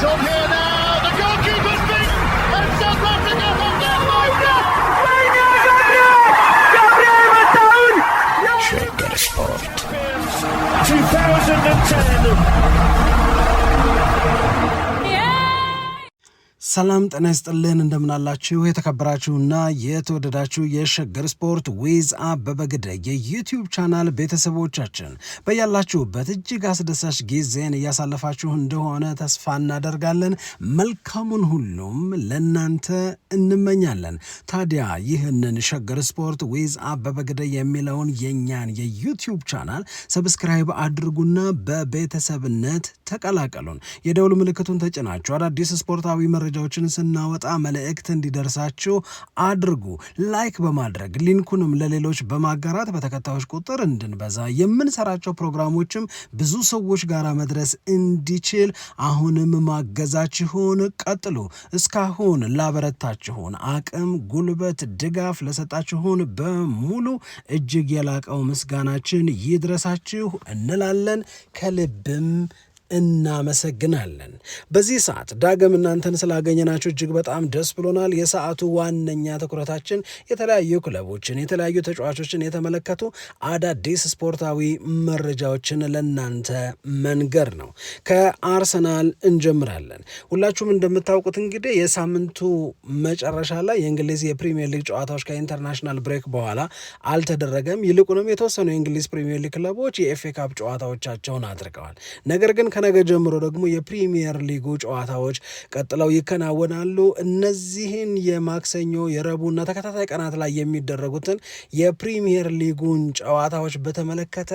It's on here. ሰላም ጤና ይስጥልን እንደምናላችሁ የተከበራችሁና የተወደዳችሁ የሸገር ስፖርት ዊዝ አበበ ግደይ የዩቲዩብ ቻናል ቤተሰቦቻችን በያላችሁበት እጅግ አስደሳች ጊዜን እያሳለፋችሁ እንደሆነ ተስፋ እናደርጋለን። መልካሙን ሁሉም ለእናንተ እንመኛለን። ታዲያ ይህንን ሸገር ስፖርት ዊዝ አበበ ግደይ የሚለውን የእኛን የዩቲዩብ ቻናል ሰብስክራይብ አድርጉና በቤተሰብነት ተቀላቀሉን። የደውል ምልክቱን ተጭናችሁ አዳዲስ ስፖርታዊ መረጃ መረጃዎችን ስናወጣ መልእክት እንዲደርሳችሁ አድርጉ። ላይክ በማድረግ ሊንኩንም ለሌሎች በማጋራት በተከታዮች ቁጥር እንድንበዛ የምንሰራቸው ፕሮግራሞችም ብዙ ሰዎች ጋር መድረስ እንዲችል አሁንም ማገዛችሁን ቀጥሉ። እስካሁን ላበረታችሁን አቅም፣ ጉልበት፣ ድጋፍ ለሰጣችሁን በሙሉ እጅግ የላቀው ምስጋናችን ይድረሳችሁ እንላለን ከልብም እናመሰግናለን። በዚህ ሰዓት ዳግም እናንተን ስላገኘናችሁ እጅግ በጣም ደስ ብሎናል። የሰዓቱ ዋነኛ ትኩረታችን የተለያዩ ክለቦችን፣ የተለያዩ ተጫዋቾችን የተመለከቱ አዳዲስ ስፖርታዊ መረጃዎችን ለእናንተ መንገር ነው። ከአርሰናል እንጀምራለን። ሁላችሁም እንደምታውቁት እንግዲህ የሳምንቱ መጨረሻ ላይ የእንግሊዝ የፕሪሚየር ሊግ ጨዋታዎች ከኢንተርናሽናል ብሬክ በኋላ አልተደረገም። ይልቁንም የተወሰኑ የእንግሊዝ ፕሪሚየር ሊግ ክለቦች የኤፍኤ ካፕ ጨዋታዎቻቸውን አድርገዋል። ነገር ግን ከነገ ጀምሮ ደግሞ የፕሪሚየር ሊጉ ጨዋታዎች ቀጥለው ይከናወናሉ። እነዚህን የማክሰኞ የረቡዕና ተከታታይ ቀናት ላይ የሚደረጉትን የፕሪሚየር ሊጉን ጨዋታዎች በተመለከተ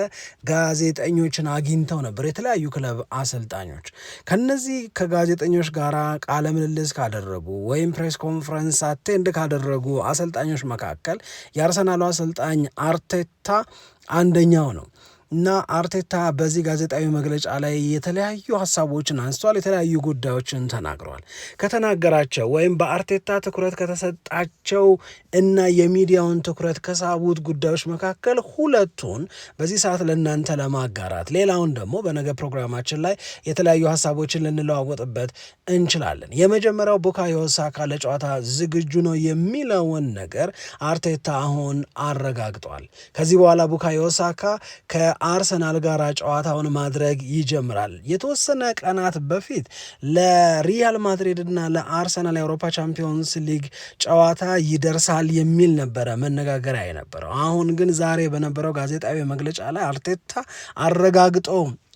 ጋዜጠኞችን አግኝተው ነበር፣ የተለያዩ ክለብ አሰልጣኞች። ከነዚህ ከጋዜጠኞች ጋር ቃለ ምልልስ ካደረጉ ወይም ፕሬስ ኮንፈረንስ አቴንድ ካደረጉ አሰልጣኞች መካከል የአርሰናሉ አሰልጣኝ አርቴታ አንደኛው ነው። እና አርቴታ በዚህ ጋዜጣዊ መግለጫ ላይ የተለያዩ ሀሳቦችን አንስቷል። የተለያዩ ጉዳዮችን ተናግረዋል። ከተናገራቸው ወይም በአርቴታ ትኩረት ከተሰጣቸው እና የሚዲያውን ትኩረት ከሳቡት ጉዳዮች መካከል ሁለቱን በዚህ ሰዓት ለእናንተ ለማጋራት ሌላውን ደግሞ በነገ ፕሮግራማችን ላይ የተለያዩ ሀሳቦችን ልንለዋወጥበት እንችላለን። የመጀመሪያው ቡካዮ ሳካ ለጨዋታ ዝግጁ ነው የሚለውን ነገር አርቴታ አሁን አረጋግጧል። ከዚህ በኋላ ቡካዮ ሳካ ከአርሰናል ጋር ጨዋታውን ማድረግ ይጀምራል። የተወሰነ ቀናት በፊት ለሪያል ማድሪድ እና ለአርሰናል የአውሮፓ ቻምፒዮንስ ሊግ ጨዋታ ይደርሳል ይሆናል የሚል ነበረ መነጋገሪያ የነበረው። አሁን ግን ዛሬ በነበረው ጋዜጣዊ መግለጫ ላይ አርቴታ አረጋግጦ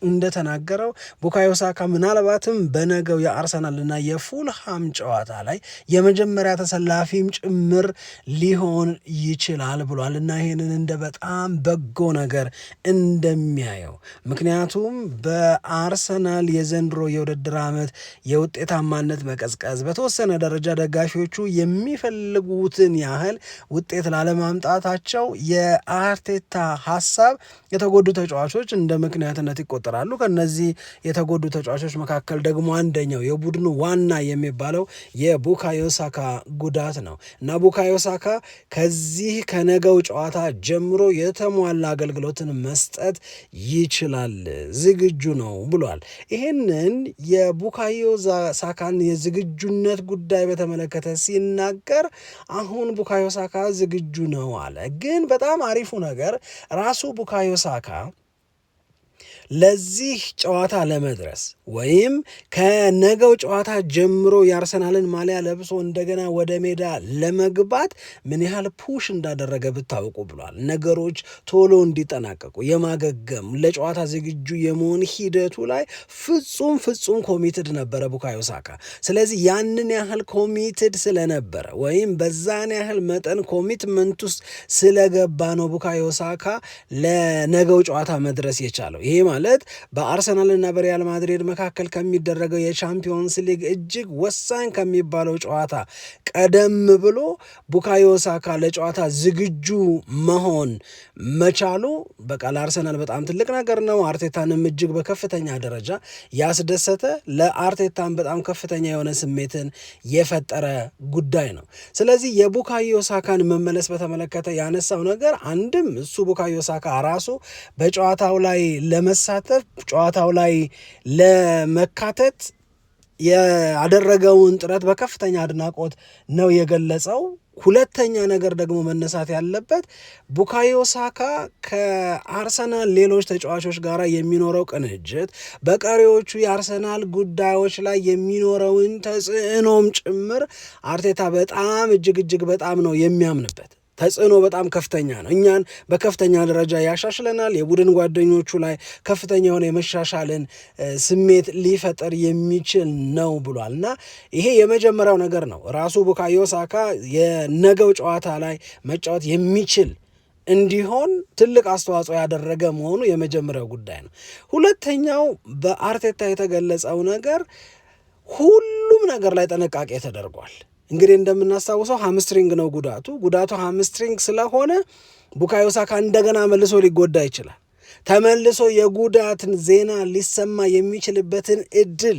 እንደተናገረው ቡካዮ ሳካ ምናልባትም በነገው የአርሰናልና የፉልሃም ጨዋታ ላይ የመጀመሪያ ተሰላፊም ጭምር ሊሆን ይችላል ብሏል እና ይህንን እንደ በጣም በጎ ነገር እንደሚያየው ምክንያቱም በአርሰናል የዘንድሮ የውድድር ዓመት የውጤታማነት መቀዝቀዝ በተወሰነ ደረጃ ደጋፊዎቹ የሚፈልጉትን ያህል ውጤት ላለማምጣታቸው የአርቴታ ሀሳብ የተጎዱ ተጫዋቾች እንደ ምክንያትነት ይቆጠ ቁጥር ከነዚህ የተጎዱ ተጫዋቾች መካከል ደግሞ አንደኛው የቡድኑ ዋና የሚባለው የቡካዮሳካ ጉዳት ነው እና ቡካዮ ሳካ ከዚህ ከነገው ጨዋታ ጀምሮ የተሟላ አገልግሎትን መስጠት ይችላል፣ ዝግጁ ነው ብሏል። ይህንን የቡካዮ ሳካን የዝግጁነት ጉዳይ በተመለከተ ሲናገር አሁን ቡካዮሳካ ዝግጁ ነው አለ። ግን በጣም አሪፉ ነገር ራሱ ቡካዮ ሳካ ለዚህ ጨዋታ ለመድረስ ወይም ከነገው ጨዋታ ጀምሮ የአርሰናልን ማሊያ ለብሶ እንደገና ወደ ሜዳ ለመግባት ምን ያህል ፑሽ እንዳደረገ ብታውቁ ብሏል። ነገሮች ቶሎ እንዲጠናቀቁ የማገገም ለጨዋታ ዝግጁ የመሆን ሂደቱ ላይ ፍጹም ፍጹም ኮሚትድ ነበረ ቡካዮ ሳካ። ስለዚህ ያንን ያህል ኮሚትድ ስለነበረ ወይም በዛን ያህል መጠን ኮሚትመንት ውስጥ ስለገባ ነው ቡካዮ ሳካ ለነገው ጨዋታ መድረስ የቻለው። ይሄ ማለት በአርሰናልና በሪያል ማድሪድ መካከል ከሚደረገው የቻምፒዮንስ ሊግ እጅግ ወሳኝ ከሚባለው ጨዋታ ቀደም ብሎ ቡካዮ ሳካ ለጨዋታ ዝግጁ መሆን መቻሉ በቃ ለአርሰናል በጣም ትልቅ ነገር ነው። አርቴታንም እጅግ በከፍተኛ ደረጃ ያስደሰተ፣ ለአርቴታን በጣም ከፍተኛ የሆነ ስሜትን የፈጠረ ጉዳይ ነው። ስለዚህ የቡካዮ ሳካን መመለስ በተመለከተ ያነሳው ነገር አንድም እሱ ቡካዮ ሳካ ራሱ በጨዋታው ላይ ለመሳተፍ ጨዋታው ላይ ለመካተት ያደረገውን ጥረት በከፍተኛ አድናቆት ነው የገለጸው። ሁለተኛ ነገር ደግሞ መነሳት ያለበት ቡካዮ ሳካ ከአርሰናል ሌሎች ተጫዋቾች ጋር የሚኖረው ቅንጅት በቀሪዎቹ የአርሰናል ጉዳዮች ላይ የሚኖረውን ተጽዕኖም ጭምር አርቴታ በጣም እጅግ እጅግ በጣም ነው የሚያምንበት። ተጽዕኖ በጣም ከፍተኛ ነው። እኛን በከፍተኛ ደረጃ ያሻሽለናል። የቡድን ጓደኞቹ ላይ ከፍተኛ የሆነ የመሻሻልን ስሜት ሊፈጠር የሚችል ነው ብሏል እና ይሄ የመጀመሪያው ነገር ነው። ራሱ ቡካዮ ሳካ የነገው ጨዋታ ላይ መጫወት የሚችል እንዲሆን ትልቅ አስተዋጽኦ ያደረገ መሆኑ የመጀመሪያው ጉዳይ ነው። ሁለተኛው በአርቴታ የተገለጸው ነገር ሁሉም ነገር ላይ ጥንቃቄ ተደርጓል። እንግዲህ እንደምናስታውሰው ሀምስትሪንግ ነው ጉዳቱ። ጉዳቱ ሀምስትሪንግ ስለሆነ ቡካዮሳካ እንደገና መልሶ ሊጎዳ ይችላል። ተመልሶ የጉዳትን ዜና ሊሰማ የሚችልበትን እድል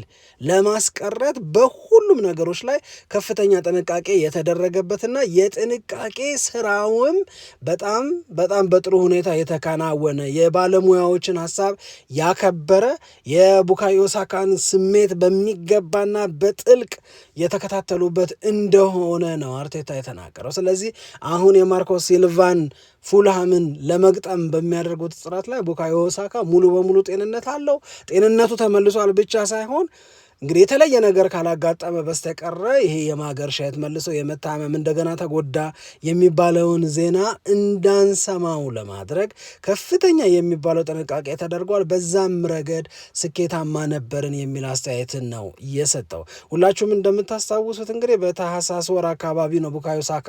ለማስቀረት በሁሉም ነገሮች ላይ ከፍተኛ ጥንቃቄ የተደረገበትና የጥንቃቄ ስራውም በጣም በጣም በጥሩ ሁኔታ የተከናወነ የባለሙያዎችን ሀሳብ ያከበረ የቡካዮ ሳካን ስሜት በሚገባና በጥልቅ የተከታተሉበት እንደሆነ ነው አርቴታ የተናገረው። ስለዚህ አሁን የማርኮ ሲልቫን ፉልሃምን ለመግጠም በሚያደርጉት ጥረት ላይ ቡካዮ ሳካ ሙሉ በሙሉ ጤንነት አለው። ጤንነቱ ተመልሷል ብቻ ሳይሆን እንግዲህ የተለየ ነገር ካላጋጠመ በስተቀረ ይሄ የማገርሸት መልሶ የመታመም እንደገና ተጎዳ የሚባለውን ዜና እንዳንሰማው ለማድረግ ከፍተኛ የሚባለው ጥንቃቄ ተደርጓል። በዛም ረገድ ስኬታማ ነበርን የሚል አስተያየትን ነው የሰጠው። ሁላችሁም እንደምታስታውሱት እንግዲህ በታህሳስ ወር አካባቢ ነው ቡካዮ ሳካ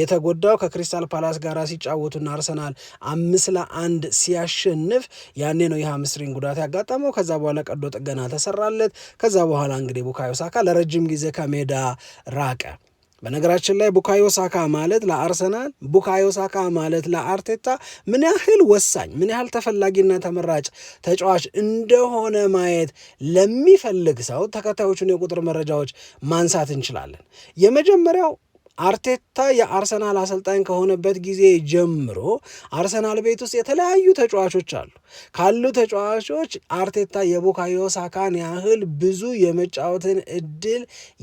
የተጎዳው ከክሪስታል ፓላስ ጋር ሲጫወቱና አርሰናል አምስት ለአንድ ሲያሸንፍ ያኔ ነው ይህ ጉዳት ያጋጠመው። ከዛ በኋላ ቀዶ ጥገና ተሰራለት። ከዛ በኋላ እንግዲህ ቡካዮ ሳካ ለረጅም ጊዜ ከሜዳ ራቀ። በነገራችን ላይ ቡካዮ ሳካ ማለት ለአርሰናል ቡካዮ ሳካ ማለት ለአርቴታ ምን ያህል ወሳኝ ምን ያህል ተፈላጊና ተመራጭ ተጫዋች እንደሆነ ማየት ለሚፈልግ ሰው ተከታዮቹን የቁጥር መረጃዎች ማንሳት እንችላለን። የመጀመሪያው አርቴታ የአርሰናል አሰልጣኝ ከሆነበት ጊዜ ጀምሮ አርሰናል ቤት ውስጥ የተለያዩ ተጫዋቾች አሉ። ካሉ ተጫዋቾች አርቴታ የቡካዮ ሳካን ያህል ብዙ የመጫወትን እድል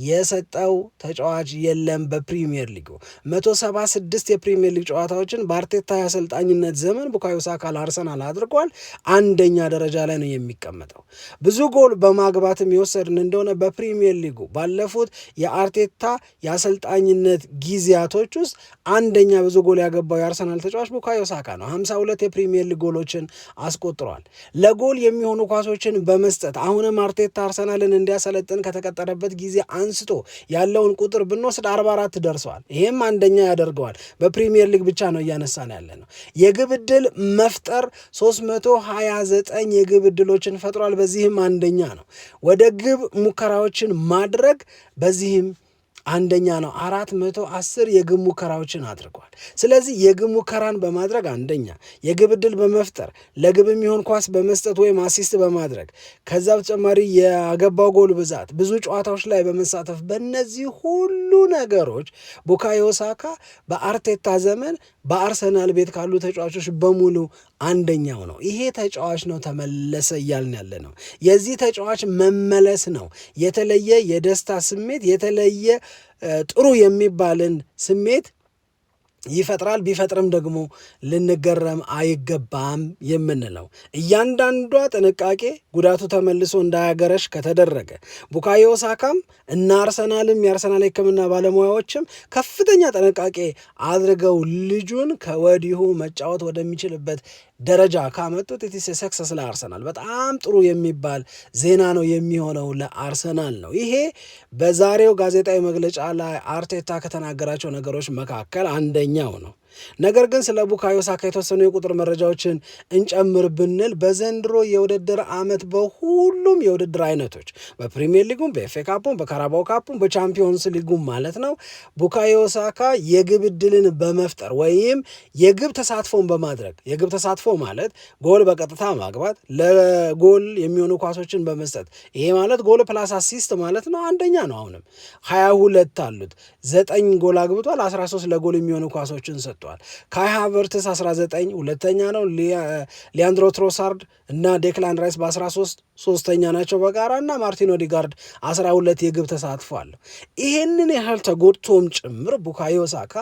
የሰጠው ተጫዋች የለም። በፕሪሚየር ሊጉ 176 የፕሪሚየር ሊግ ጨዋታዎችን በአርቴታ የአሰልጣኝነት ዘመን ቡካዮ ሳካ ለአርሰናል አድርጓል። አንደኛ ደረጃ ላይ ነው የሚቀመጠው። ብዙ ጎል በማግባትም የወሰድን እንደሆነ በፕሪሚየር ሊጉ ባለፉት የአርቴታ የአሰልጣኝነት ባሉበት ጊዜያቶች ውስጥ አንደኛ ብዙ ጎል ያገባው የአርሰናል ተጫዋች ቡካዮ ሳካ ነው። ሀምሳ ሁለት የፕሪሚየር ሊግ ጎሎችን አስቆጥሯል። ለጎል የሚሆኑ ኳሶችን በመስጠት አሁንም አርቴታ አርሰናልን እንዲያሰለጥን ከተቀጠረበት ጊዜ አንስቶ ያለውን ቁጥር ብንወስድ አርባ አራት ደርሰዋል። ይህም አንደኛ ያደርገዋል። በፕሪሚየር ሊግ ብቻ ነው እያነሳ ነው ያለ ነው። የግብ ዕድል መፍጠር 329 የግብ ዕድሎችን ፈጥሯል። በዚህም አንደኛ ነው። ወደ ግብ ሙከራዎችን ማድረግ በዚህም አንደኛ ነው። አራት መቶ አስር የግብ ሙከራዎችን አድርጓል። ስለዚህ የግብ ሙከራን በማድረግ አንደኛ የግብ ዕድል በመፍጠር ለግብ የሚሆን ኳስ በመስጠት ወይም አሲስት በማድረግ ከዛ በተጨማሪ የገባው ጎል ብዛት፣ ብዙ ጨዋታዎች ላይ በመሳተፍ በእነዚህ ሁሉ ነገሮች ቡካዮ ሳካ በአርቴታ ዘመን በአርሰናል ቤት ካሉ ተጫዋቾች በሙሉ አንደኛው ነው። ይሄ ተጫዋች ነው ተመለሰ እያልን ያለ ነው። የዚህ ተጫዋች መመለስ ነው የተለየ የደስታ ስሜት የተለየ ጥሩ የሚባልን ስሜት ይፈጥራል። ቢፈጥርም ደግሞ ልንገረም አይገባም የምንለው እያንዳንዷ ጥንቃቄ ጉዳቱ ተመልሶ እንዳያገረሽ ከተደረገ ቡካዮ ሳካም እና አርሰናልም የአርሰናል ሕክምና ባለሙያዎችም ከፍተኛ ጥንቃቄ አድርገው ልጁን ከወዲሁ መጫወት ወደሚችልበት ደረጃ ካመጡት ኢትስ ሰክሰስ ለአርሰናል በጣም ጥሩ የሚባል ዜና ነው የሚሆነው ለአርሰናል ነው። ይሄ በዛሬው ጋዜጣዊ መግለጫ ላይ አርቴታ ከተናገራቸው ነገሮች መካከል አንደኛው ነው። ነገር ግን ስለ ቡካዮ ሳካ የተወሰኑ የቁጥር መረጃዎችን እንጨምር ብንል በዘንድሮ የውድድር ዓመት በሁሉም የውድድር አይነቶች በፕሪሚየር ሊጉም፣ በኤፌ ካፑም፣ በካራባው ካፑም፣ በቻምፒዮንስ ሊጉም ማለት ነው ቡካዮ ሳካ የግብ እድልን በመፍጠር ወይም የግብ ተሳትፎን በማድረግ የግብ ተሳትፎ ማለት ጎል በቀጥታ ማግባት ለጎል የሚሆኑ ኳሶችን በመስጠት ይሄ ማለት ጎል ፕላስ አሲስት ማለት ነው። አንደኛ ነው። አሁንም ሀያ ሁለት አሉት። ዘጠኝ ጎል አግብቷል። አስራ ሶስት ለጎል የሚሆኑ ኳሶችን ሰጥቷል። ተገኝተዋል። ካይ ሃቨርትስ 19 ሁለተኛ ነው። ሊያንድሮ ትሮሳርድ እና ዴክላን ራይስ በ13 ሶስተኛ ናቸው በጋራ እና ማርቲን ኦዲጋርድ 12 የግብ ተሳትፎ አለው። ያህል ተጎድቶም ጭምር ቡካዮ ሳካ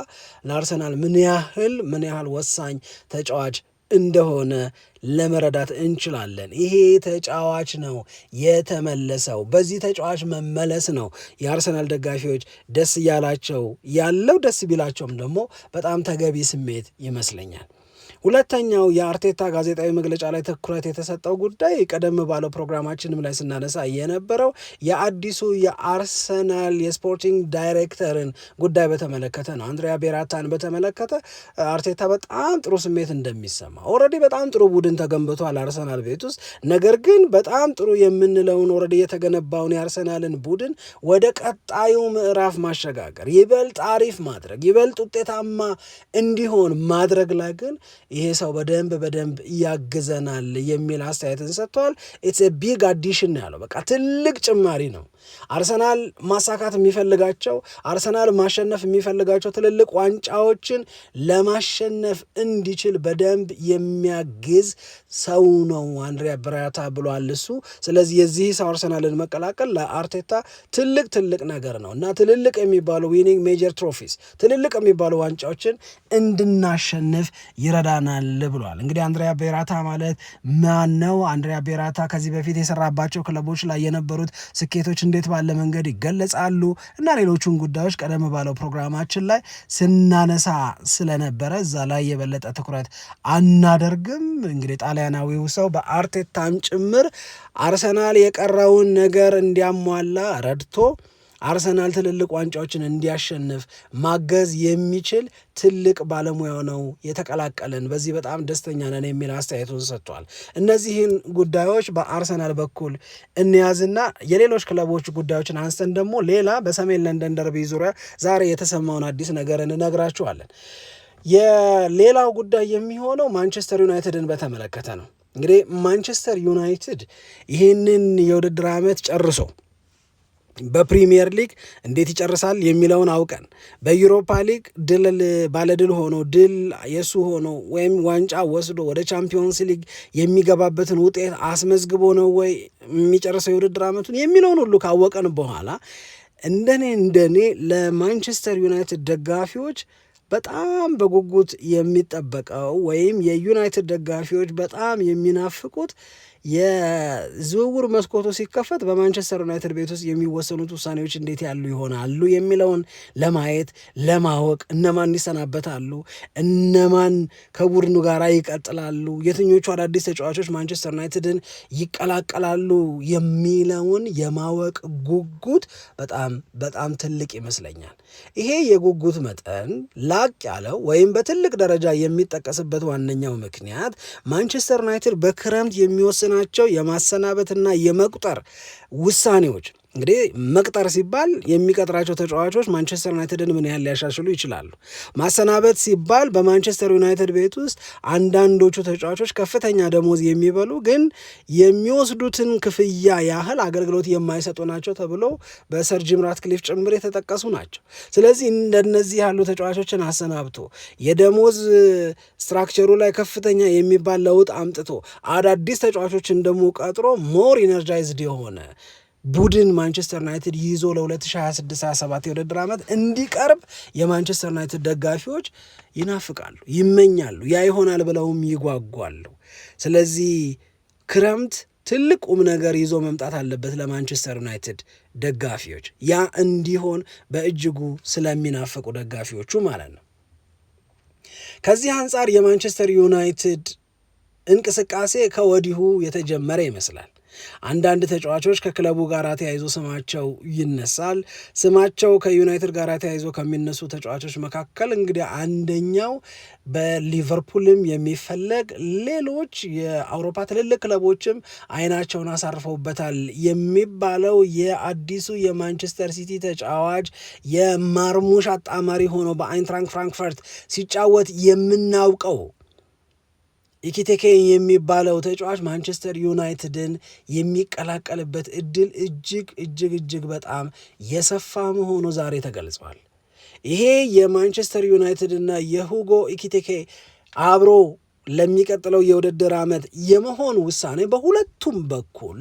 ለአርሰናል ምን ያህል ምን ያህል ወሳኝ ተጫዋች እንደሆነ ለመረዳት እንችላለን። ይሄ ተጫዋች ነው የተመለሰው። በዚህ ተጫዋች መመለስ ነው የአርሰናል ደጋፊዎች ደስ እያላቸው ያለው። ደስ ቢላቸውም ደግሞ በጣም ተገቢ ስሜት ይመስለኛል። ሁለተኛው የአርቴታ ጋዜጣዊ መግለጫ ላይ ትኩረት የተሰጠው ጉዳይ ቀደም ባለው ፕሮግራማችንም ላይ ስናነሳ የነበረው የአዲሱ የአርሰናል የስፖርቲንግ ዳይሬክተርን ጉዳይ በተመለከተ ነው። አንድሪያ ቤራታን በተመለከተ አርቴታ በጣም ጥሩ ስሜት እንደሚሰማ ኦልሬዲ በጣም ጥሩ ቡድን ቡድን ተገንብቷል አርሰናል ቤት ውስጥ። ነገር ግን በጣም ጥሩ የምንለውን ወረድ የተገነባውን የአርሰናልን ቡድን ወደ ቀጣዩ ምዕራፍ ማሸጋገር፣ ይበልጥ አሪፍ ማድረግ፣ ይበልጥ ውጤታማ እንዲሆን ማድረግ ላይ ግን ይሄ ሰው በደንብ በደንብ ያግዘናል የሚል አስተያየትን ሰጥቷል። ኢትስ ቢግ አዲሽን ያለው በቃ ትልቅ ጭማሪ ነው። አርሰናል ማሳካት የሚፈልጋቸው አርሰናል ማሸነፍ የሚፈልጋቸው ትልልቅ ዋንጫዎችን ለማሸነፍ እንዲችል በደንብ የሚያግዝ ሰው ነው አንድሪያ በራታ ብሏል እሱ። ስለዚህ የዚህ ሰው አርሰናልን መቀላቀል ለአርቴታ ትልቅ ትልቅ ነገር ነው እና ትልልቅ የሚባሉ ዊኒንግ ሜጀር ትሮፊስ ትልልቅ የሚባሉ ዋንጫዎችን እንድናሸንፍ ይረዳናል ብሏል። እንግዲህ አንድሪያ ቤራታ ማለት ማን ነው? አንድሪያ ቤራታ ከዚህ በፊት የሰራባቸው ክለቦች ላይ የነበሩት ስኬቶች እንዴት ባለ መንገድ ይገለጻሉ እና ሌሎቹን ጉዳዮች ቀደም ባለው ፕሮግራማችን ላይ ስናነሳ ስለነበረ እዛ ላይ የበለጠ ትኩረት አናደርግም እንግዲህ እንግዲህ ጣሊያናዊው ሰው በአርቴታም ጭምር አርሰናል የቀረውን ነገር እንዲያሟላ ረድቶ አርሰናል ትልልቅ ዋንጫዎችን እንዲያሸንፍ ማገዝ የሚችል ትልቅ ባለሙያ ነው የተቀላቀለን፣ በዚህ በጣም ደስተኛ ነን የሚል አስተያየቱን ሰጥቷል። እነዚህን ጉዳዮች በአርሰናል በኩል እንያዝና የሌሎች ክለቦች ጉዳዮችን አንስተን ደግሞ ሌላ በሰሜን ለንደን ደርቢ ዙሪያ ዛሬ የተሰማውን አዲስ ነገር እንነግራችኋለን። የሌላው ጉዳይ የሚሆነው ማንቸስተር ዩናይትድን በተመለከተ ነው። እንግዲህ ማንቸስተር ዩናይትድ ይህንን የውድድር ዓመት ጨርሶ በፕሪሚየር ሊግ እንዴት ይጨርሳል የሚለውን አውቀን በዩሮፓ ሊግ ድል ባለድል ሆኖ ድል የሱ ሆኖ ወይም ዋንጫ ወስዶ ወደ ቻምፒዮንስ ሊግ የሚገባበትን ውጤት አስመዝግቦ ነው ወይ የሚጨርሰው የውድድር ዓመቱን የሚለውን ሁሉ ካወቀን በኋላ እንደኔ እንደኔ ለማንቸስተር ዩናይትድ ደጋፊዎች በጣም በጉጉት የሚጠበቀው ወይም የዩናይትድ ደጋፊዎች በጣም የሚናፍቁት የዝውውር መስኮቱ ሲከፈት በማንቸስተር ዩናይትድ ቤት ውስጥ የሚወሰኑት ውሳኔዎች እንዴት ያሉ ይሆናሉ የሚለውን ለማየት ለማወቅ፣ እነማን ይሰናበታሉ፣ እነማን ከቡድኑ ጋር ይቀጥላሉ፣ የትኞቹ አዳዲስ ተጫዋቾች ማንቸስተር ዩናይትድን ይቀላቀላሉ የሚለውን የማወቅ ጉጉት በጣም በጣም ትልቅ ይመስለኛል። ይሄ የጉጉት መጠን ላቅ ያለው ወይም በትልቅ ደረጃ የሚጠቀስበት ዋነኛው ምክንያት ማንቸስተር ዩናይትድ በክረምት የሚወስ የሚመጥናቸው የማሰናበትና የመቁጠር ውሳኔዎች እንግዲህ መቅጠር ሲባል የሚቀጥራቸው ተጫዋቾች ማንቸስተር ዩናይትድን ምን ያህል ሊያሻሽሉ ይችላሉ። ማሰናበት ሲባል በማንቸስተር ዩናይትድ ቤት ውስጥ አንዳንዶቹ ተጫዋቾች ከፍተኛ ደሞዝ የሚበሉ ግን የሚወስዱትን ክፍያ ያህል አገልግሎት የማይሰጡ ናቸው ተብሎ በሰር ጂም ራትክሊፍ ጭምር የተጠቀሱ ናቸው። ስለዚህ እንደነዚህ ያሉ ተጫዋቾችን አሰናብቶ የደሞዝ ስትራክቸሩ ላይ ከፍተኛ የሚባል ለውጥ አምጥቶ አዳዲስ ተጫዋቾችን ደግሞ ቀጥሮ ሞር ኢነርጃይዝድ የሆነ ቡድን ማንቸስተር ዩናይትድ ይዞ ለ2026/27 የውድድር ዓመት እንዲቀርብ የማንቸስተር ዩናይትድ ደጋፊዎች ይናፍቃሉ፣ ይመኛሉ፣ ያ ይሆናል ብለውም ይጓጓሉ። ስለዚህ ክረምት ትልቅ ቁም ነገር ይዞ መምጣት አለበት ለማንቸስተር ዩናይትድ ደጋፊዎች። ያ እንዲሆን በእጅጉ ስለሚናፍቁ ደጋፊዎቹ ማለት ነው። ከዚህ አንጻር የማንቸስተር ዩናይትድ እንቅስቃሴ ከወዲሁ የተጀመረ ይመስላል። አንዳንድ ተጫዋቾች ከክለቡ ጋር ተያይዞ ስማቸው ይነሳል። ስማቸው ከዩናይትድ ጋር ተያይዞ ከሚነሱ ተጫዋቾች መካከል እንግዲህ አንደኛው በሊቨርፑልም የሚፈለግ ሌሎች የአውሮፓ ትልልቅ ክለቦችም አይናቸውን አሳርፈውበታል የሚባለው የአዲሱ የማንቸስተር ሲቲ ተጫዋች የማርሙሽ አጣማሪ ሆኖ በአይንትራንክ ፍራንክፈርት ሲጫወት የምናውቀው ኢኪቴኬ የሚባለው ተጫዋች ማንቸስተር ዩናይትድን የሚቀላቀልበት እድል እጅግ እጅግ እጅግ በጣም የሰፋ መሆኑ ዛሬ ተገልጿል። ይሄ የማንቸስተር ዩናይትድ የሁጎ ኢኪቴኬ አብሮ ለሚቀጥለው የውድድር ዓመት የመሆን ውሳኔ በሁለቱም በኩል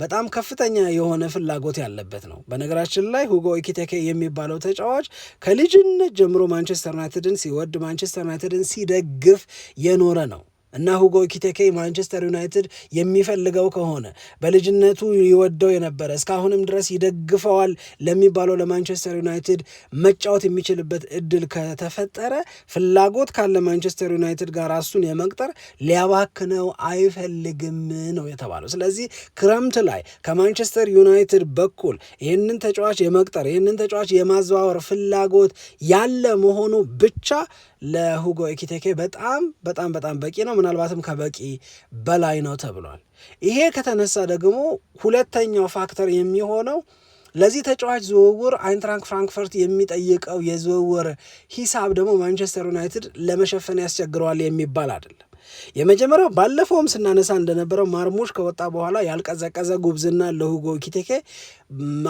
በጣም ከፍተኛ የሆነ ፍላጎት ያለበት ነው። በነገራችን ላይ ሁጎ ኢኪቴኬ የሚባለው ተጫዋች ከልጅነት ጀምሮ ማንቸስተር ዩናይትድን ሲወድ፣ ማንቸስተር ዩናይትድን ሲደግፍ የኖረ ነው። እና ሁጎ ኪቴኬ ማንቸስተር ዩናይትድ የሚፈልገው ከሆነ በልጅነቱ ይወደው የነበረ እስካሁንም ድረስ ይደግፈዋል ለሚባለው ለማንቸስተር ዩናይትድ መጫወት የሚችልበት እድል ከተፈጠረ ፍላጎት ካለ ማንቸስተር ዩናይትድ ጋር እሱን የመቅጠር ሊያባክነው አይፈልግም ነው የተባለው። ስለዚህ ክረምት ላይ ከማንቸስተር ዩናይትድ በኩል ይህንን ተጫዋች የመቅጠር ይህንን ተጫዋች የማዘዋወር ፍላጎት ያለ መሆኑ ብቻ ለሁጎ ኤኪቴኬ በጣም በጣም በጣም በቂ ነው፣ ምናልባትም ከበቂ በላይ ነው ተብሏል። ይሄ ከተነሳ ደግሞ ሁለተኛው ፋክተር የሚሆነው ለዚህ ተጫዋች ዝውውር አይንትራንክ ፍራንክፈርት የሚጠይቀው የዝውውር ሂሳብ ደግሞ ማንቸስተር ዩናይትድ ለመሸፈን ያስቸግረዋል የሚባል አይደለም። የመጀመሪያው ባለፈውም ስናነሳ እንደነበረው ማርሙሽ ከወጣ በኋላ ያልቀዘቀዘ ጉብዝና ለሁጎ ኪቴኬ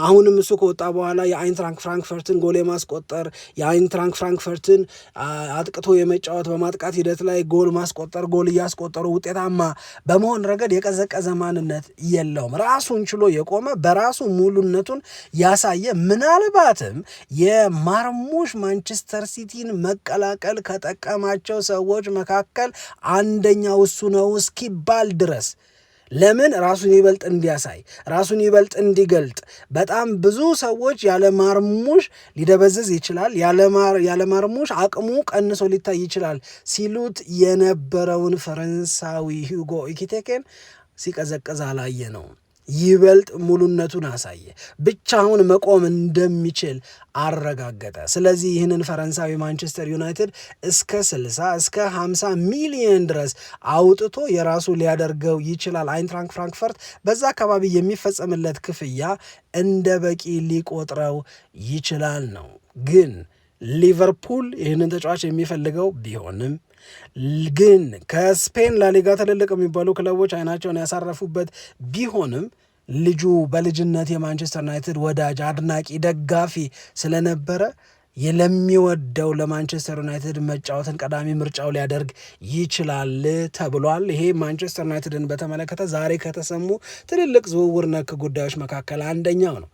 አሁንም እሱ ከወጣ በኋላ የአይንትራንክ ፍራንክፈርትን ጎል የማስቆጠር የአይንትራንክ ፍራንክፈርትን አጥቅቶ የመጫወት በማጥቃት ሂደት ላይ ጎል ማስቆጠር ጎል እያስቆጠሩ ውጤታማ በመሆን ረገድ የቀዘቀዘ ማንነት የለውም። ራሱን ችሎ የቆመ በራሱ ሙሉነቱን ያሳየ ምናልባትም የማርሙሽ ማንቸስተር ሲቲን መቀላቀል ከጠቀማቸው ሰዎች መካከል አን አንደኛው እሱ ነው እስኪባል ድረስ ለምን ራሱን ይበልጥ እንዲያሳይ ራሱን ይበልጥ እንዲገልጥ። በጣም ብዙ ሰዎች ያለ ማርሙሽ ሊደበዝዝ ይችላል፣ ያለ ማርሙሽ አቅሙ ቀንሶ ሊታይ ይችላል ሲሉት የነበረውን ፈረንሳዊ ሂጎ ኢኪቴኬን ሲቀዘቅዝ አላየ ነው። ይበልጥ ሙሉነቱን አሳየ። ብቻውን መቆም እንደሚችል አረጋገጠ። ስለዚህ ይህንን ፈረንሳዊ ማንቸስተር ዩናይትድ እስከ 60 እስከ 50 ሚሊዮን ድረስ አውጥቶ የራሱ ሊያደርገው ይችላል። አይንትራንክ ፍራንክፈርት በዛ አካባቢ የሚፈጸምለት ክፍያ እንደ በቂ ሊቆጥረው ይችላል ነው። ግን ሊቨርፑል ይህንን ተጫዋች የሚፈልገው ቢሆንም ግን ከስፔን ላሊጋ ትልልቅ የሚባሉ ክለቦች አይናቸውን ያሳረፉበት ቢሆንም ልጁ በልጅነት የማንቸስተር ዩናይትድ ወዳጅ፣ አድናቂ፣ ደጋፊ ስለነበረ ለሚወደው ለማንቸስተር ዩናይትድ መጫወትን ቀዳሚ ምርጫው ሊያደርግ ይችላል ተብሏል። ይሄ ማንቸስተር ዩናይትድን በተመለከተ ዛሬ ከተሰሙ ትልልቅ ዝውውር ነክ ጉዳዮች መካከል አንደኛው ነው።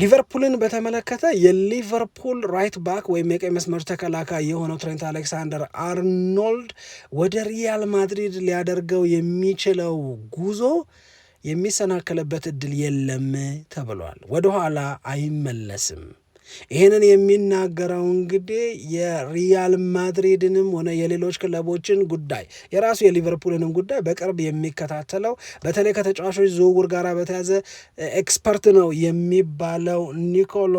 ሊቨርፑልን በተመለከተ የሊቨርፑል ራይት ባክ ወይም የቀኝ መስመር ተከላካይ የሆነው ትሬንት አሌክሳንደር አርኖልድ ወደ ሪያል ማድሪድ ሊያደርገው የሚችለው ጉዞ የሚሰናከለበት እድል የለም ተብሏል። ወደኋላ አይመለስም። ይህንን የሚናገረው እንግዲህ የሪያል ማድሪድንም ሆነ የሌሎች ክለቦችን ጉዳይ የራሱ የሊቨርፑልንም ጉዳይ በቅርብ የሚከታተለው በተለይ ከተጫዋቾች ዝውውር ጋር በተያዘ ኤክስፐርት ነው የሚባለው ኒኮሎ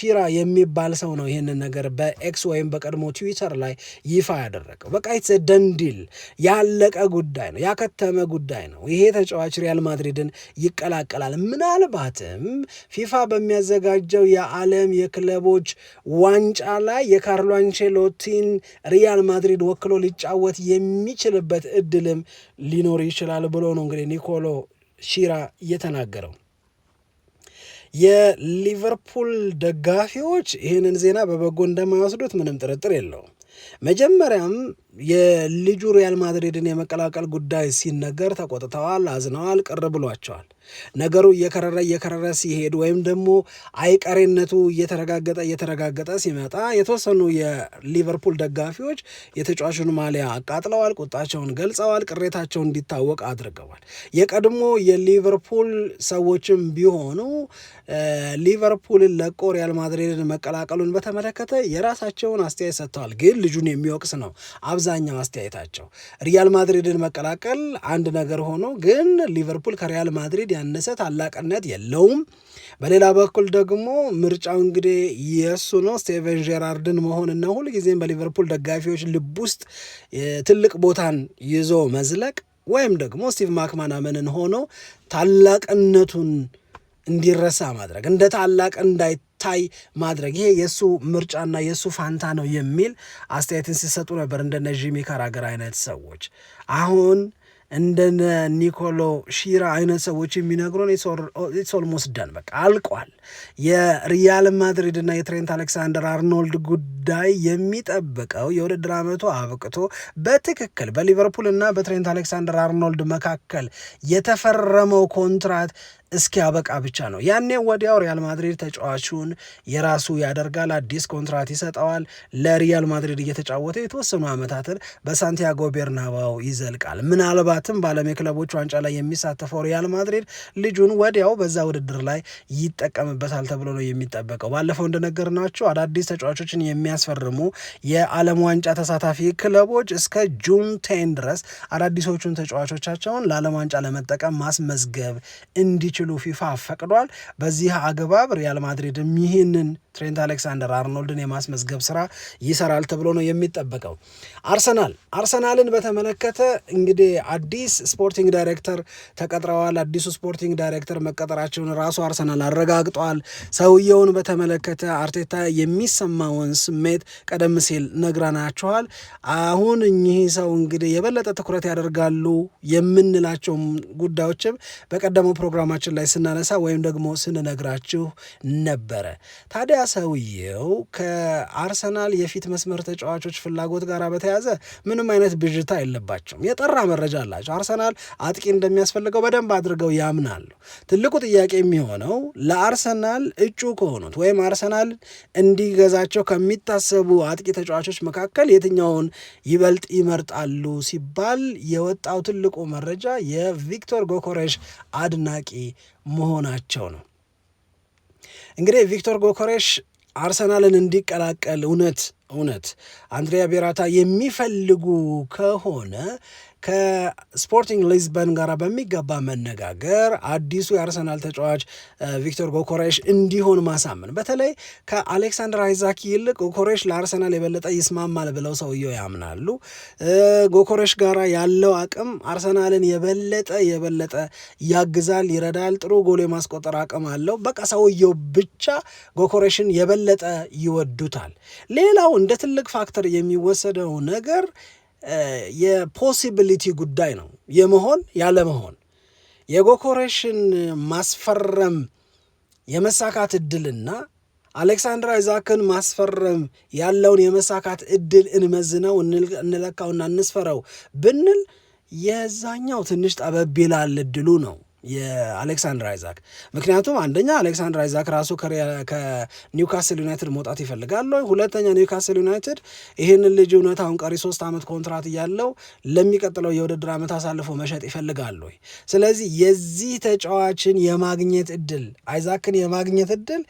ሺራ የሚባል ሰው ነው ይህንን ነገር በኤክስ ወይም በቀድሞ ትዊተር ላይ ይፋ ያደረገው። በቃ ይትስ ደንዲል ያለቀ ጉዳይ ነው፣ ያከተመ ጉዳይ ነው። ይሄ ተጫዋች ሪያል ማድሪድን ይቀላቀላል። ምናልባትም ፊፋ በሚያዘጋጀው የዓለም ክለቦች ዋንጫ ላይ የካርሎ አንቼሎቲን ሪያል ማድሪድ ወክሎ ሊጫወት የሚችልበት እድልም ሊኖር ይችላል ብሎ ነው እንግዲህ ኒኮሎ ሺራ የተናገረው። የሊቨርፑል ደጋፊዎች ይህንን ዜና በበጎ እንደማይወስዱት ምንም ጥርጥር የለውም። መጀመሪያም የልጁ ሪያል ማድሪድን የመቀላቀል ጉዳይ ሲነገር ተቆጥተዋል፣ አዝነዋል፣ ቅር ብሏቸዋል። ነገሩ እየከረረ እየከረረ ሲሄድ ወይም ደግሞ አይቀሬነቱ እየተረጋገጠ እየተረጋገጠ ሲመጣ የተወሰኑ የሊቨርፑል ደጋፊዎች የተጫዋቹን ማሊያ አቃጥለዋል፣ ቁጣቸውን ገልጸዋል፣ ቅሬታቸውን እንዲታወቅ አድርገዋል። የቀድሞ የሊቨርፑል ሰዎችም ቢሆኑ ሊቨርፑልን ለቆ ሪያል ማድሪድን መቀላቀሉን በተመለከተ የራሳቸውን አስተያየት ሰጥተዋል። ግን ልጁን የሚወቅስ ነው። አብዛኛው አስተያየታቸው ሪያል ማድሪድን መቀላቀል አንድ ነገር ሆኖ ግን ሊቨርፑል ከሪያል ማድሪድ ያነሰ ታላቅነት የለውም። በሌላ በኩል ደግሞ ምርጫው እንግዲህ የእሱ ነው፣ ስቴቨን ጄራርድን መሆንና ሁልጊዜም በሊቨርፑል ደጋፊዎች ልብ ውስጥ ትልቅ ቦታን ይዞ መዝለቅ ወይም ደግሞ ስቲቭ ማክማናመንን ሆኖ ታላቅነቱን እንዲረሳ ማድረግ እንደ ታላቅ እንዳይ ታይ ማድረግ ይሄ የእሱ ምርጫና የእሱ ፋንታ ነው የሚል አስተያየትን ሲሰጡ ነበር። እንደነ ጂሚ ካራገር አይነት ሰዎች አሁን እንደነ ኒኮሎ ሺራ አይነት ሰዎች የሚነግሩን ኢትስ ኦልሞስት ደን በቃ አልቋል የሪያል ማድሪድ እና የትሬንት አሌክሳንደር አርኖልድ ጉዳይ የሚጠብቀው የውድድር ዓመቱ አብቅቶ በትክክል በሊቨርፑል እና በትሬንት አሌክሳንደር አርኖልድ መካከል የተፈረመው ኮንትራት እስኪያበቃ ብቻ ነው። ያኔ ወዲያው ሪያል ማድሪድ ተጫዋቹን የራሱ ያደርጋል፣ አዲስ ኮንትራት ይሰጠዋል። ለሪያል ማድሪድ እየተጫወተ የተወሰኑ ዓመታትን በሳንቲያጎ ቤርናባው ይዘልቃል። ምናልባትም በዓለም የክለቦች ዋንጫ ላይ የሚሳተፈው ሪያል ማድሪድ ልጁን ወዲያው በዛ ውድድር ላይ ይጠቀም ይጠቀምበታል ተብሎ ነው የሚጠበቀው። ባለፈው እንደነገርናችሁ አዳዲስ ተጫዋቾችን የሚያስፈርሙ የዓለም ዋንጫ ተሳታፊ ክለቦች እስከ ጁን ቴን ድረስ አዳዲሶቹን ተጫዋቾቻቸውን ለዓለም ዋንጫ ለመጠቀም ማስመዝገብ እንዲችሉ ፊፋ ፈቅዷል። በዚህ አግባብ ሪያል ማድሪድም ይህንን ትሬንት አሌክሳንደር አርኖልድን የማስመዝገብ ስራ ይሰራል ተብሎ ነው የሚጠበቀው። አርሰናል አርሰናልን በተመለከተ እንግዲህ አዲስ ስፖርቲንግ ዳይሬክተር ተቀጥረዋል። አዲሱ ስፖርቲንግ ዳይሬክተር መቀጠራቸውን ራሱ አርሰናል አረጋግጧል። ሰውየውን በተመለከተ አርቴታ የሚሰማውን ስሜት ቀደም ሲል ነግረናችኋል። አሁን እኚህ ሰው እንግዲህ የበለጠ ትኩረት ያደርጋሉ የምንላቸውም ጉዳዮችም በቀደመው ፕሮግራማችን ላይ ስናነሳ ወይም ደግሞ ስንነግራችሁ ነበረ ታዲያ ሰውየው ከአርሰናል የፊት መስመር ተጫዋቾች ፍላጎት ጋር በተያዘ ምንም አይነት ብዥታ የለባቸውም። የጠራ መረጃ አላቸው። አርሰናል አጥቂ እንደሚያስፈልገው በደንብ አድርገው ያምናሉ። ትልቁ ጥያቄ የሚሆነው ለአርሰናል እጩ ከሆኑት ወይም አርሰናል እንዲገዛቸው ከሚታሰቡ አጥቂ ተጫዋቾች መካከል የትኛውን ይበልጥ ይመርጣሉ ሲባል የወጣው ትልቁ መረጃ የቪክቶር ጎኮሬሽ አድናቂ መሆናቸው ነው። እንግዲህ ቪክቶር ጎኮሬሽ አርሰናልን እንዲቀላቀል እውነት እውነት አንድሪያ ቤራታ የሚፈልጉ ከሆነ ከስፖርቲንግ ሊዝበን ጋር በሚገባ መነጋገር አዲሱ የአርሰናል ተጫዋች ቪክቶር ጎኮሬሽ እንዲሆን ማሳመን፣ በተለይ ከአሌክሳንደር አይዛኪ ይልቅ ጎኮሬሽ ለአርሰናል የበለጠ ይስማማል ብለው ሰውየው ያምናሉ። ጎኮሬሽ ጋር ያለው አቅም አርሰናልን የበለጠ የበለጠ ያግዛል፣ ይረዳል። ጥሩ ጎል የማስቆጠር አቅም አለው። በቃ ሰውየው ብቻ ጎኮሬሽን የበለጠ ይወዱታል። ሌላው እንደ ትልቅ ፋክተር የሚወሰደው ነገር የፖሲቢሊቲ ጉዳይ ነው። የመሆን ያለመሆን የጎኮሬሽን ማስፈረም የመሳካት እድልና አሌክሳንድር አይዛክን ማስፈረም ያለውን የመሳካት እድል እንመዝነው፣ እንለካውና እንስፈረው ብንል የዛኛው ትንሽ ጠበብ ይላል እድሉ ነው። የአሌክሳንድር አይዛክ ምክንያቱም አንደኛ አሌክሳንድር አይዛክ ራሱ ከኒውካስል ዩናይትድ መውጣት ይፈልጋል። ሁለተኛ ኒውካስል ዩናይትድ ይህንን ልጅ እውነት አሁን ቀሪ ሶስት ዓመት ኮንትራት እያለው ለሚቀጥለው የውድድር ዓመት አሳልፎ መሸጥ ይፈልጋል። ስለዚህ የዚህ ተጫዋችን የማግኘት እድል አይዛክን የማግኘት እድል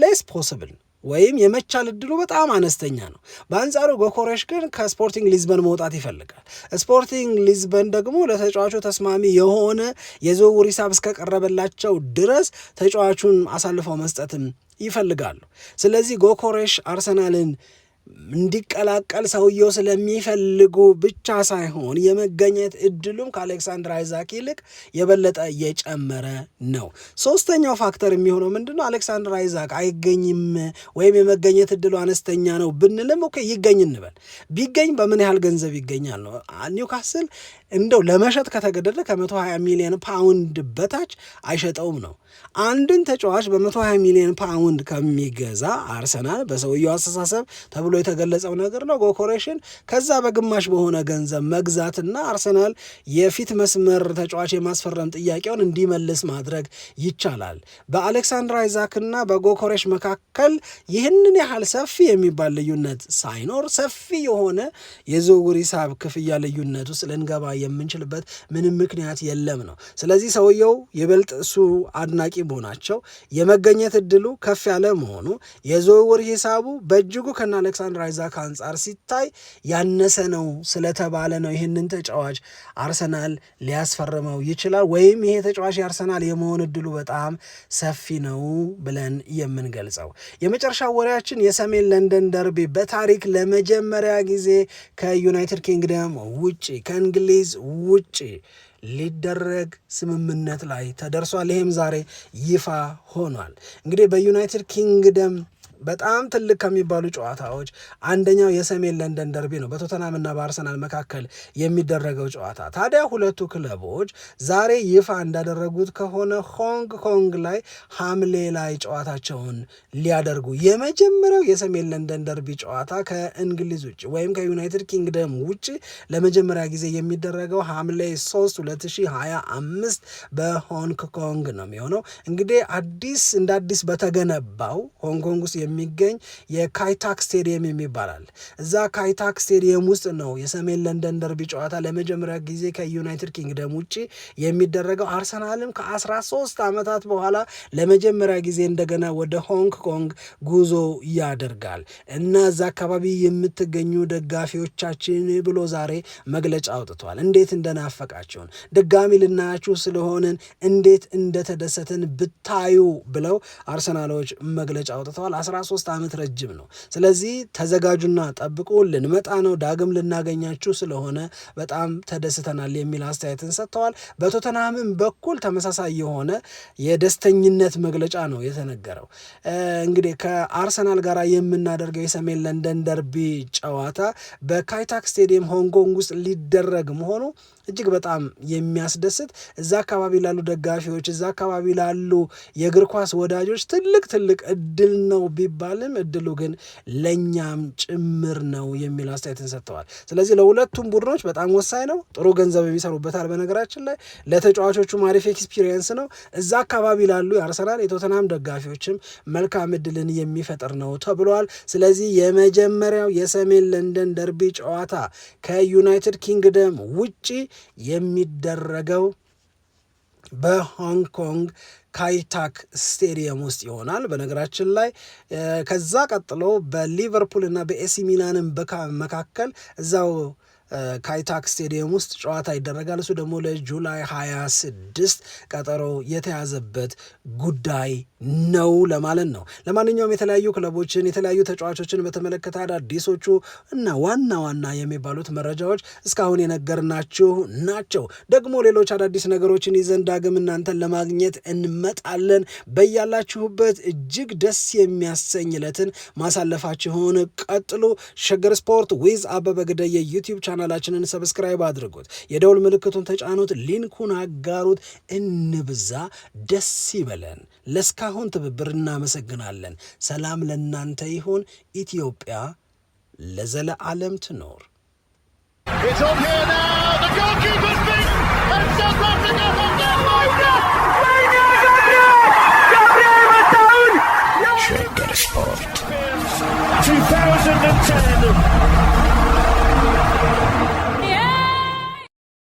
ሌስ ፖስብል ወይም የመቻል እድሉ በጣም አነስተኛ ነው። በአንጻሩ ጎኮሬሽ ግን ከስፖርቲንግ ሊዝበን መውጣት ይፈልጋል። ስፖርቲንግ ሊዝበን ደግሞ ለተጫዋቹ ተስማሚ የሆነ የዝውውር ሂሳብ እስከቀረበላቸው ድረስ ተጫዋቹን አሳልፈው መስጠትም ይፈልጋሉ። ስለዚህ ጎኮሬሽ አርሰናልን እንዲቀላቀል ሰውየው ስለሚፈልጉ ብቻ ሳይሆን የመገኘት እድሉም ከአሌክሳንድር አይዛክ ይልቅ የበለጠ እየጨመረ ነው። ሶስተኛው ፋክተር የሚሆነው ምንድነው? አሌክሳንድር አይዛክ አይገኝም ወይም የመገኘት እድሉ አነስተኛ ነው ብንልም ኦኬ ይገኝ እንበል። ቢገኝ በምን ያህል ገንዘብ ይገኛል ነው። ኒውካስል እንደው ለመሸጥ ከተገደደ ከ120 ሚሊዮን ፓውንድ በታች አይሸጠውም ነው። አንድን ተጫዋች በ120 ሚሊዮን ፓውንድ ከሚገዛ አርሰናል በሰውየው አስተሳሰብ ተብሎ የተገለጸው ነገር ነው። ጎኮሬሽን ከዛ በግማሽ በሆነ ገንዘብ መግዛትና አርሰናል የፊት መስመር ተጫዋች የማስፈረም ጥያቄውን እንዲመልስ ማድረግ ይቻላል። በአሌክሳንድር አይዛክና በጎኮሬሽ መካከል ይህንን ያህል ሰፊ የሚባል ልዩነት ሳይኖር ሰፊ የሆነ የዝውውር ሂሳብ ክፍያ ልዩነት ውስጥ ልንገባ የምንችልበት ምንም ምክንያት የለም ነው። ስለዚህ ሰውየው ይበልጥ እሱ አድናቂ መሆናቸው የመገኘት እድሉ ከፍ ያለ መሆኑ የዝውውር ሂሳቡ በእጅጉ ከና አሌክሳ ሰንራይዛክ አንጻር ሲታይ ያነሰ ነው ስለተባለ ነው ይህንን ተጫዋች አርሰናል ሊያስፈርመው ይችላል ወይም ይሄ ተጫዋች የአርሰናል የመሆን እድሉ በጣም ሰፊ ነው ብለን የምንገልጸው። የመጨረሻ ወሬያችን የሰሜን ለንደን ደርቢ በታሪክ ለመጀመሪያ ጊዜ ከዩናይትድ ኪንግደም ውጭ ከእንግሊዝ ውጭ ሊደረግ ስምምነት ላይ ተደርሷል። ይህም ዛሬ ይፋ ሆኗል። እንግዲህ በዩናይትድ ኪንግደም በጣም ትልቅ ከሚባሉ ጨዋታዎች አንደኛው የሰሜን ለንደን ደርቢ ነው፣ በቶተናም ና በአርሰናል መካከል የሚደረገው ጨዋታ። ታዲያ ሁለቱ ክለቦች ዛሬ ይፋ እንዳደረጉት ከሆነ ሆንግ ኮንግ ላይ ሐምሌ ላይ ጨዋታቸውን ሊያደርጉ የመጀመሪያው የሰሜን ለንደን ደርቢ ጨዋታ ከእንግሊዝ ውጭ ወይም ከዩናይትድ ኪንግደም ውጭ ለመጀመሪያ ጊዜ የሚደረገው ሐምሌ 3 2025 በሆንግ ኮንግ ነው የሚሆነው። እንግዲህ አዲስ እንደ አዲስ በተገነባው ሆንግ ኮንግ ውስጥ የሚገኝ የካይታክ ስቴዲየም የሚባላል። እዛ ካይታክ ስቴዲየም ውስጥ ነው የሰሜን ለንደን ደርቢ ጨዋታ ለመጀመሪያ ጊዜ ከዩናይትድ ኪንግደም ውጭ የሚደረገው። አርሰናልም ከ13 ዓመታት በኋላ ለመጀመሪያ ጊዜ እንደገና ወደ ሆንግ ኮንግ ጉዞ ያደርጋል እና እዛ አካባቢ የምትገኙ ደጋፊዎቻችን ብሎ ዛሬ መግለጫ አውጥቷል። እንዴት እንደናፈቃቸውን ድጋሚ ልናያችሁ ስለሆንን እንዴት እንደተደሰትን ብታዩ ብለው አርሰናሎች መግለጫ አውጥተዋል። 13 ዓመት ረጅም ነው። ስለዚህ ተዘጋጁና ጠብቁ፣ ልንመጣ ነው፣ ዳግም ልናገኛችሁ ስለሆነ በጣም ተደስተናል የሚል አስተያየትን ሰጥተዋል። በቶተንሃምም በኩል ተመሳሳይ የሆነ የደስተኝነት መግለጫ ነው የተነገረው። እንግዲህ ከአርሰናል ጋር የምናደርገው የሰሜን ለንደን ደርቢ ጨዋታ በካይታክ ስቴዲየም ሆንኮንግ ውስጥ ሊደረግ መሆኑ እጅግ በጣም የሚያስደስት እዛ አካባቢ ላሉ ደጋፊዎች፣ እዛ አካባቢ ላሉ የእግር ኳስ ወዳጆች ትልቅ ትልቅ እድል ነው ቢባልም እድሉ ግን ለእኛም ጭምር ነው የሚል አስተያየትን ሰጥተዋል። ስለዚህ ለሁለቱም ቡድኖች በጣም ወሳኝ ነው። ጥሩ ገንዘብ የሚሰሩበታል። በነገራችን ላይ ለተጫዋቾቹም አሪፍ ኤክስፒሪየንስ ነው። እዛ አካባቢ ላሉ የአርሰናል የቶተናም ደጋፊዎችም መልካም እድልን የሚፈጥር ነው ተብሏል። ስለዚህ የመጀመሪያው የሰሜን ለንደን ደርቢ ጨዋታ ከዩናይትድ ኪንግደም ውጪ የሚደረገው በሆንግ ኮንግ ካይታክ ስቴዲየም ውስጥ ይሆናል። በነገራችን ላይ ከዛ ቀጥሎ በሊቨርፑል እና በኤሲ ሚላንን መካከል እዛው ካይታክ ስቴዲየም ውስጥ ጨዋታ ይደረጋል። እሱ ደግሞ ለጁላይ 26 ቀጠሮ የተያዘበት ጉዳይ ነው ለማለት ነው። ለማንኛውም የተለያዩ ክለቦችን የተለያዩ ተጫዋቾችን በተመለከተ አዳዲሶቹ እና ዋና ዋና የሚባሉት መረጃዎች እስካሁን የነገርናችሁ ናቸው። ደግሞ ሌሎች አዳዲስ ነገሮችን ይዘን ዳግም እናንተን ለማግኘት እንመጣለን። በያላችሁበት እጅግ ደስ የሚያሰኝ ዕለትን ማሳለፋችሁን ቀጥሉ። ሸገር ስፖርት ዊዝ አበበ ግደይ ቻ ቻናላችንን ሰብስክራይብ አድርጉት፣ የደውል ምልክቱን ተጫኑት፣ ሊንኩን አጋሩት። እንብዛ፣ ደስ ይበለን። ለእስካሁን ትብብር እናመሰግናለን። ሰላም ለእናንተ ይሁን። ኢትዮጵያ ለዘለዓለም ትኖር። 2010